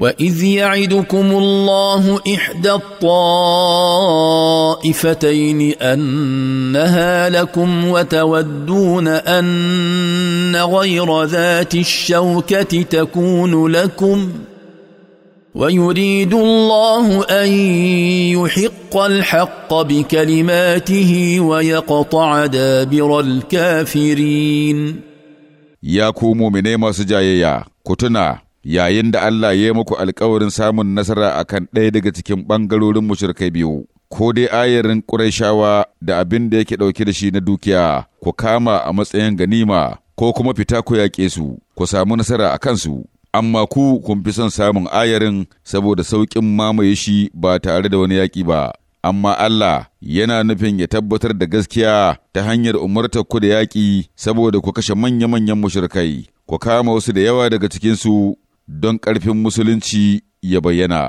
واذ يعدكم الله احدى الطائفتين انها لكم وتودون ان غير ذات الشوكه تكون لكم ويريد الله ان يحق الحق بكلماته ويقطع دابر الكافرين يا كومو من ماسجايا كتنا yayin da Allah ya yi muku alkawarin samun nasara a kan ɗaya daga cikin ɓangarorin mushrikai biyu, ko dai ayarin ƙuraishawa da abin da yake ɗauke da shi na dukiya, ku kama a matsayin ganima, ko kuma fita ku yaƙe su, ku samu nasara a kansu. Amma ku kun fi son samun ayarin saboda sauƙin mamaye shi ba tare da wani yaƙi ba. amma Allah yana nufin ya tabbatar da gaskiya ta hanyar umartar ku da yaƙi saboda ku kashe manya-manyan mushrikai, ku kama wasu da yawa daga cikinsu don ƙarfin musulunci ya bayyana.